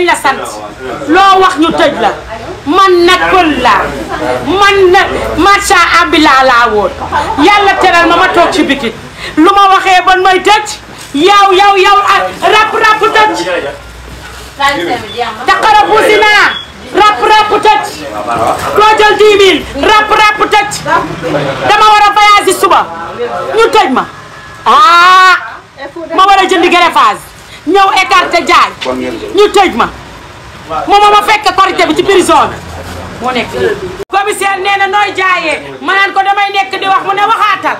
lañ la sant loo wax ñu tëj la man nag pël laa man nag marchand ambulant laa woon yàlla teral ma ma toog ci bitik lu ma waxee ban may tëj yow yow yow ak ah, rap rap tëj daqara buusi naa rap rap tëj loo jël 10 000 suba ñu tëj ma ah ma war a jëndi greffage ñëw écarté jaay ñu tëj ma moom ma fekk korité bi ci prison bi moo nekk nii commissaire nee na nooy jaayee ma naan ko damay nekk di wax mu ne waxaatal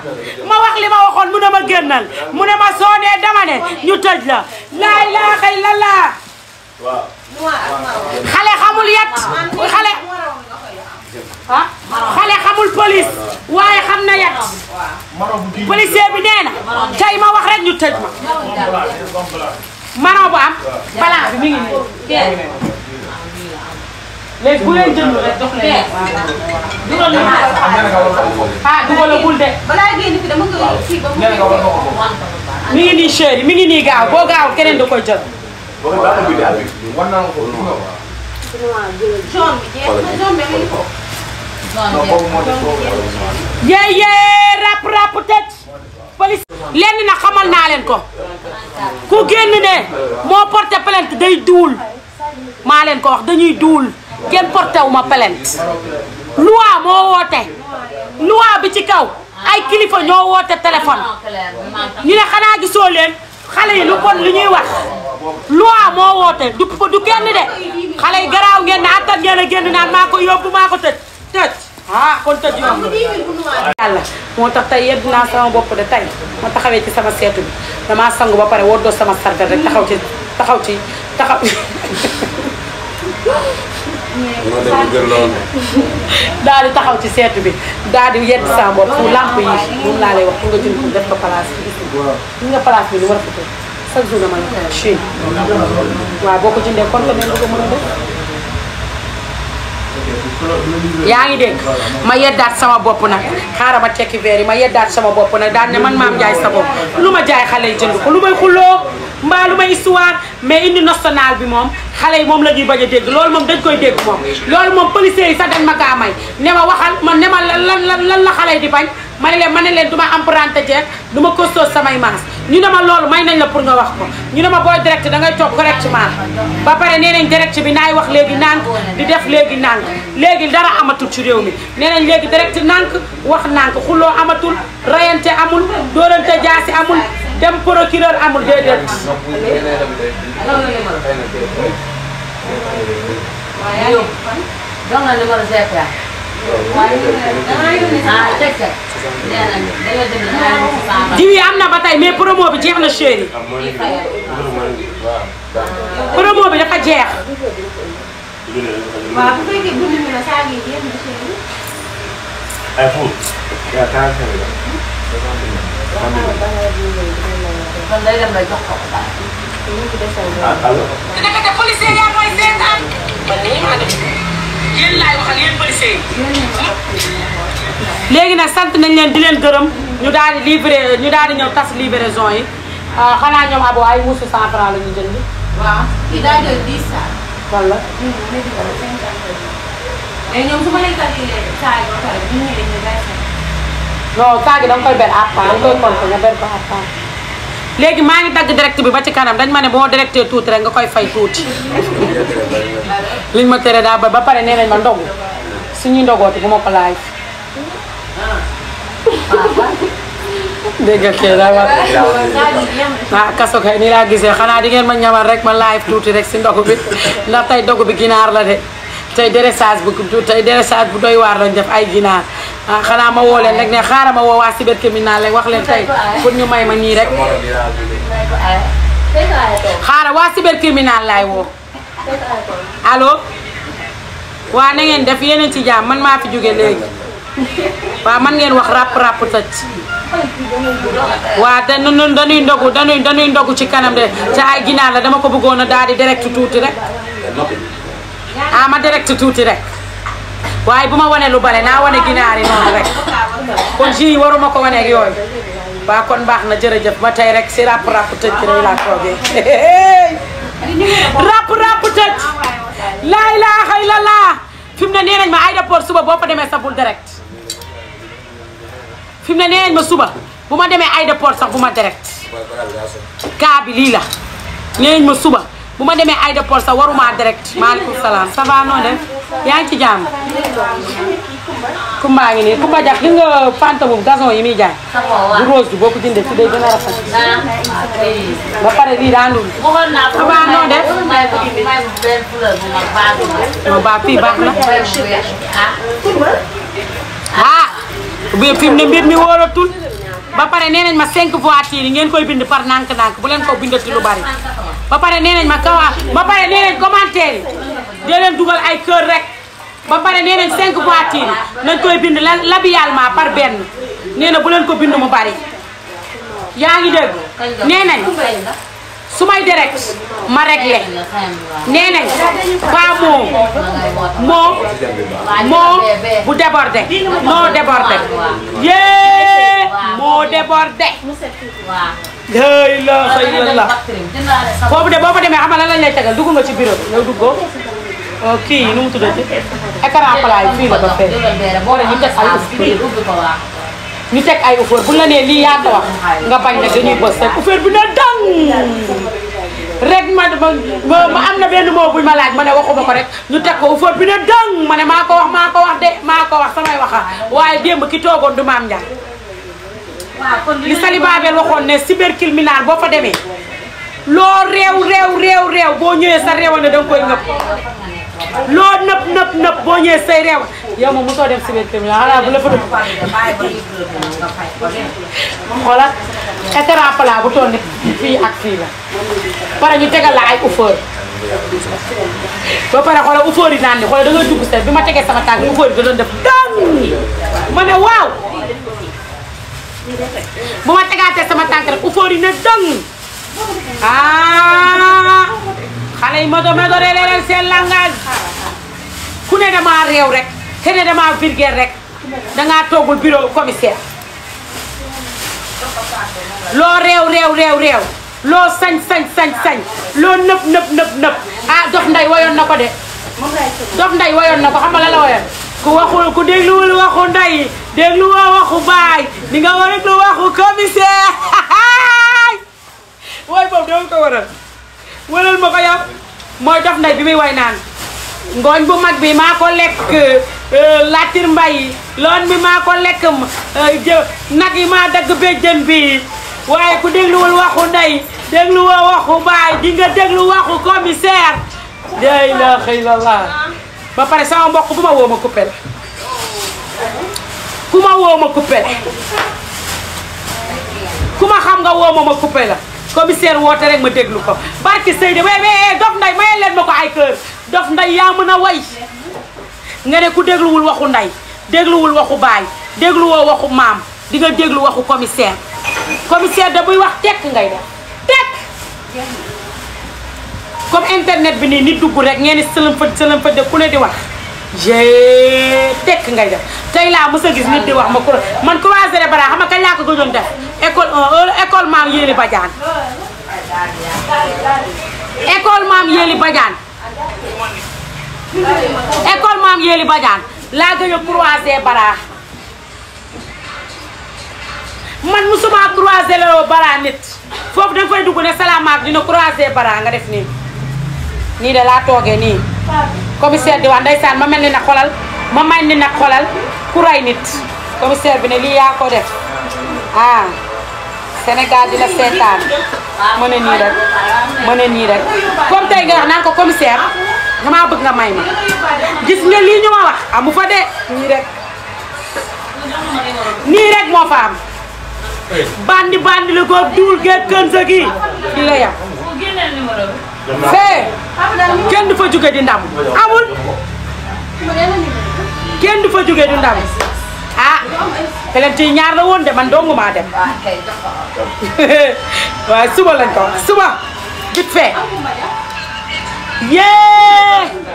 ma wax li ma waxoon mu ne ma génnal mu ne ma soonee dama ne ñu tëj la laa ilaaha illallah xale xamul yat ah xale xamul police waaye xam na yat policier bi nee na ma wax rek ñu tëj ma man bu am. balance mi ngi nii. teel léegi bu leen jënd rek ah, ba mu mi ngi nii chéri mi ngi nii gaaw boo gaaw keneen da koy mi ngi ko. yéyé rap rap tëj. police lenn na xamal naa leen ko. ku génn ne moo porte plainte day duul maa leen ko wax dañuy duul kenn porté wu ma plainte moo woote loi bi ci kaw ay kilifa ñoo woote téléphone ñu ne xanaa gisoo leen xale yi lu bon li ñuy wax loi moo woote du du kenn de xale yi garaaw ngeen naa attan ngeen a génn naan maa ko yóbbu maa ko tëj tëj ah kon tëj yomb yàlla moo tax tey yedd naa sama bopp de tey ma taxawee ci sama seetu bi damaa sangu ba pare woo dos sama sargal rek taxaw ci taxaw ci taxaw. daal di taxaw ci seetu bi daal di yedd sa bopp fu làmp yi moom laa lay nga jël ko def ko place bi. nga place bi lu war a ko chaque jour dama la koy waaw boo ko jëndee compte nga ko mën a def. yaa ngi dégg ma yeddaat sama bopp nag xaaral ma tekki veer yi ma yeddaat sama bopp nag daan ne man maam jaay sa bopp lu ma jaay xale yi jënd ko lu may xulloo mbaa lu may histoire mais indi national bi moom xale yi moom la ñuy bañ a dégg loolu moom dañ koy dégg moom lool moom policiers yi sax dañ ma kaa may ne ma waxal ma ne ma lan lan lan la xale yi di bañ ma ne leen ma ne leen du ma emprunté jeeg duma ma costaud samay maas ñu ne ma loolu may nañ la pour nga wax ko ñu ne ma booy direct da ngay toog correctement ba pare nee nañ direct bi naay wax léegi nànk di def léegi nànk léegi dara amatul ci réew mi nee nañ léegi direct nànk wax nànk xuloo amatul rayante amul dóorante jaasi amul dem procureur amul déedéet waaw yaa ngi fan jox na numéro GPA. waaw waaye jiw yi am na ba tey mais promo bi jeex na chéri promo jeex. na chéri. ay ful. léegi nag sant nañ leen di leen gërëm ñu daal di libéré ñu daal di ñëw tas libéraison yi ah, xanaa ñoom abo ay wusu 100 francs la ñu jënd. waaw kii daa eh, non da nga koy ber à part koy compter nga ber ko à léegi maa ni dagg direct bi ba ci kanam dañ ma ne boo directé tuuti rek nga koy fay tuuti liñ ma tere daa ba ba pare nee nañ ma ndogu suñuy ndogooti bu ma ko laaj. dégg nga kii daa war ah kaso laa gisee xanaa di ngeen ma ñamal rek ma live tuuti rek si ndogu bi ndax tey ndogu bi ginaar la de tey dressage bu tey dressage bu doy waar lañ def ay ginaar. ah xanaa ma woo leen rek ne xaaral ma woo waa cybercriminel rek wax leen tey pour ñu may ma nii rek. xaaral waa cybercriminel laay woo. allo. waa na ngeen def yeneen ci jaam man maa fi jóge léegi. waa man ngeen wax ràpp ràpp tëj. waa dañu ñun dañuy ndogu dañuy dañuy ndogu ci kanam de ca ay ginaar la dama ko bëggoon a daal di direct tuuti rek. ah direct tuuti rek. waaye bu ma wane lu bale naa wane ginaar yi noonu rek kon jii waruma ko wane ak yooyu waa kon baax na jërëjëf ba tey rek si ràpp ràpp tëj bi laa toogee ràpp ilaaha illallaah fi mu ne nee nañ ma aéroport suba boo demee sax bul mu ne nee suba bu ma demee aéroport sax bu ma direct kaa bi lii la ma suba bu ma demee aéroport sax waruma direct maaleykum salaam ça va noo yaa ngi ci jàmm Kumba ngi nii Kumba jax gis nga fanta boobu gazon yi muy jaay bu rose bi boo ko jëndee si day gën a rafet ba pare lii daa ndul Kumba noo def non baax fii baax na ah bu fi mu ne mbir mi wóoratul ba pare nee ma cinq voitures yi ngeen koy bind par nànk-nànk bu leen ko bindati lu bari ba pare nee nañ ma kawa ba pare nee nañ dee dugal ay kër rek ba pare nee nañ cinq voitures lañ koy bind labialement par benn nee na bu leen ko bindu mu bari yaa ngi dégg nee nañ su may direct ma réglé nee nañ pas moom moom moom bu débordé non débordé yee moo débordé la ilaha illallah foofu de boo fa demee xam la lan lañ lay tegal dugg nga ci bureau bi yow kii yi nu mu tuddati écran e plat yi fii la ba fee teg ay offert ñu teg ay offert bu la nee lii yaa ko wax nga bañ nag dañuy bës rek bi na dang rek ma ma am na benn moo buñ ma laaj ma ne waxuma ko rek ñu teg ko offert bi na dang ma ne maa ko wax maa ko wax de maa ko wax samay waxa waaye démb ki toogoon du maam Ndiaye. li Sali waxoon ne cybercriminal boo fa demee loo réew réew réew réew boo ñëwee sa réew ne danga koy ngëpp. loo nëpp nëpp nëpp boo ñëwee say réew yow moom soo dem si benn kër xanaa bu la fa dugg xoolal écran bu toll nii fii ak fii la pare ñu tegal la ay uffeur ba pare xoolal uffeur yi naan ni xoolal da dugg sa bi ma tegee sama tànk uffeur yi da doon ma ne waaw bu ma tegaatee sama tànk rek uffeur ne dang ah. xale yi ma do ma doree leen seen langage ku ne damaa réew rek te ne damaa vulgaire rek dangaa toogul bureau commissaire loo réew réew réew loo sañ sañ sañ sañ loo nëb nëb nëb nëb ah dof nday wayoon na ko de dof nday wayoon na ko xam nga la ku waxul ku dégluwul waxu nday dégluwoo waxu baay li nga war waxu commissaire wëlal ma ko yow mooy dof nday bi muy way naan ngooñ bu mag bi maa ko lekk euh, laatir mbay loon bi maa ko lekk euh, nag yi maa dagg béjjën bi waaye ku dégluwul waxu ndey dégluwoo waxu baay di nga déglu waxu commissaire la ilaha illallah ba pare sama mbokk bu ma ma ku ma woo ma coupé la ku ma xam nga woo ma ma la commissaire woote rek ma déglu ko barki Seydi wee ma eh, dof nday mayee leen ma ko ay kër dof nday yaa mën a way nga ne ku dégluwul waxu nday dégluwul waxu baay dégluwoo waxu maam di nga déglu waxu commissaire commissaire da buy wax tekk ngay def tekk comme internet bi nii nit dugg rek ngeen ni sëlëm fët sëlëm di wax jé tekk ngay def tey laa mës gis nit di wax ma ko man croisé xam nga kañ laa ko gëjoon def école 1 école maam Yéli Badiane école maam Yéli laa gëj a croiser bara man musuma croiser la nit foofu da nga fay dugg ne salaamaak dina croiser bara nga def nii nii de laa toogee nii commissaire diwaan ndeysaan ma mel ni na xolal ma may ni na xolal ku ray nit commissaire bi ne lii yaa ko def ah Sénégal di la seetaan ma ne nii rek ma ne nii rek comme tey nga wax naan ko commissaire damaa bëgg nga may ma gis nga lii ñu wax amu fa de nii rek nii rek moo fa am bandi bandi la góor duul géej kën sa kii fii la kenn du fa jóge di ndam amul kenn du fa jóge di ndam ah pelent yi ñaar la woon de man dong maa dem. waaw suba lañ ko suba. vite fait. yee.